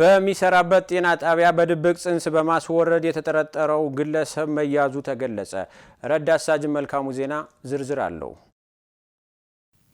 በሚሰራበት ጤና ጣቢያ በድብቅ ጽንስ በማስወረድ የተጠረጠረው ግለሰብ መያዙ ተገለጸ። ረዳት ሳጅን መልካሙ ዜና ዝርዝር አለው።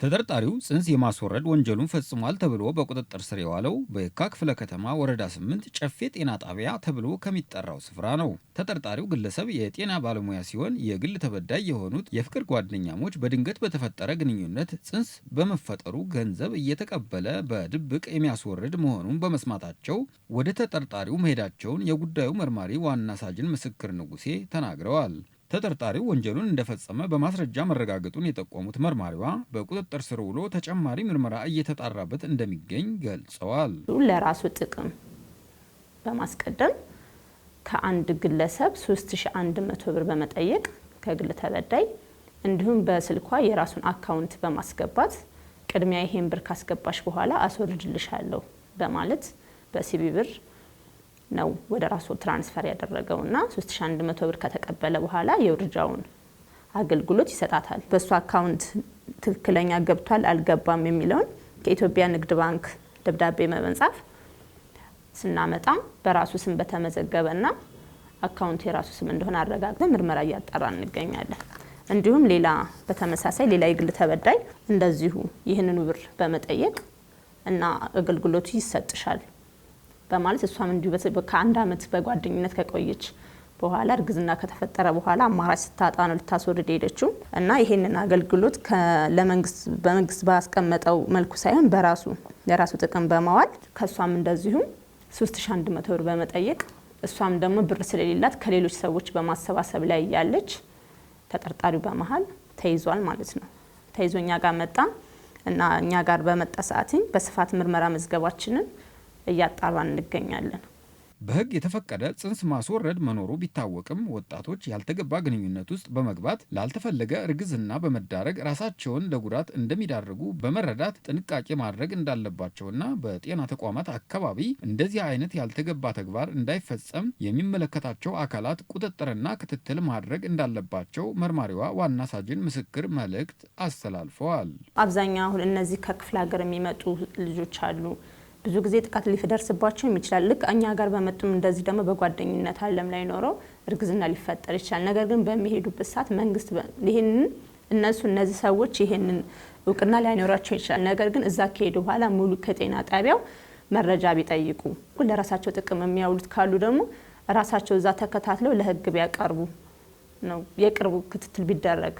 ተጠርጣሪው ጽንስ የማስወረድ ወንጀሉን ፈጽሟል ተብሎ በቁጥጥር ስር የዋለው በየካ ክፍለ ከተማ ወረዳ 8 ጨፌ ጤና ጣቢያ ተብሎ ከሚጠራው ስፍራ ነው። ተጠርጣሪው ግለሰብ የጤና ባለሙያ ሲሆን የግል ተበዳይ የሆኑት የፍቅር ጓደኛሞች በድንገት በተፈጠረ ግንኙነት ጽንስ በመፈጠሩ ገንዘብ እየተቀበለ በድብቅ የሚያስወርድ መሆኑን በመስማታቸው ወደ ተጠርጣሪው መሄዳቸውን የጉዳዩ መርማሪ ዋና ሳጅን ምስክር ንጉሴ ተናግረዋል። ተጠርጣሪው ወንጀሉን እንደፈጸመ በማስረጃ መረጋገጡን የጠቆሙት መርማሪዋ በቁጥጥር ስር ውሎ ተጨማሪ ምርመራ እየተጣራበት እንደሚገኝ ገልጸዋል። ለራሱ ጥቅም በማስቀደም ከአንድ ግለሰብ 3100 ብር በመጠየቅ ከግል ተበዳይ እንዲሁም በስልኳ የራሱን አካውንት በማስገባት ቅድሚያ ይሄን ብር ካስገባሽ በኋላ አስወርድልሻለሁ በማለት በሲቢ ብር ነው ወደ ራሱ ትራንስፈር ያደረገው እና 3100 ብር ከተቀበለ በኋላ የውርጃውን አገልግሎት ይሰጣታል። በእሱ አካውንት ትክክለኛ ገብቷል አልገባም የሚለውን ከኢትዮጵያ ንግድ ባንክ ደብዳቤ መጻፍ ስናመጣም በራሱ ስም በተመዘገበ እና አካውንቱ የራሱ ስም እንደሆነ አረጋግጠን ምርመራ እያጣራ እንገኛለን። እንዲሁም ሌላ በተመሳሳይ ሌላ የግል ተበዳይ እንደዚሁ ይህንኑ ብር በመጠየቅ እና አገልግሎቱ ይሰጥሻል በማለት እሷም እንዲሁ ከአንድ ዓመት በጓደኝነት ከቆየች በኋላ እርግዝና ከተፈጠረ በኋላ አማራጭ ስታጣ ነው ልታስወርድ ሄደችው እና ይሄንን አገልግሎት ለመንግስት በመንግስት ባስቀመጠው መልኩ ሳይሆን በራሱ ለራሱ ጥቅም በማዋል ከእሷም እንደዚሁ 3100 ብር በመጠየቅ እሷም ደግሞ ብር ስለሌላት ከሌሎች ሰዎች በማሰባሰብ ላይ ያለች ተጠርጣሪው በመሀል ተይዟል ማለት ነው። ተይዞ እኛ ጋር መጣ እና እኛ ጋር በመጣ ሰዓትኝ በስፋት ምርመራ መዝገባችንን እያጣራ እንገኛለን። በህግ የተፈቀደ ጽንስ ማስወረድ መኖሩ ቢታወቅም ወጣቶች ያልተገባ ግንኙነት ውስጥ በመግባት ላልተፈለገ እርግዝና በመዳረግ ራሳቸውን ለጉዳት እንደሚዳርጉ በመረዳት ጥንቃቄ ማድረግ እንዳለባቸውና በጤና ተቋማት አካባቢ እንደዚህ አይነት ያልተገባ ተግባር እንዳይፈጸም የሚመለከታቸው አካላት ቁጥጥርና ክትትል ማድረግ እንዳለባቸው መርማሪዋ ዋና ሳጅን ምስክር መልእክት አስተላልፈዋል። አብዛኛው አሁን እነዚህ ከክፍለ ሀገር የሚመጡ ልጆች አሉ ብዙ ጊዜ ጥቃት ሊደርስባቸው ይችላል። ልክ እኛ ጋር በመጡም እንደዚህ ደግሞ በጓደኝነት አለም ላይ ኖረው እርግዝና ሊፈጠር ይችላል። ነገር ግን በሚሄዱበት ሰዓት መንግስት ይህንን እነሱ እነዚህ ሰዎች ይህንን እውቅና ላይኖራቸው ይችላል። ነገር ግን እዛ ከሄዱ በኋላ ሙሉ ከጤና ጣቢያው መረጃ ቢጠይቁ፣ ለራሳቸው ጥቅም የሚያውሉት ካሉ ደግሞ ራሳቸው እዛ ተከታትለው ለህግ ቢያቀርቡ ነው የቅርቡ ክትትል ቢደረግ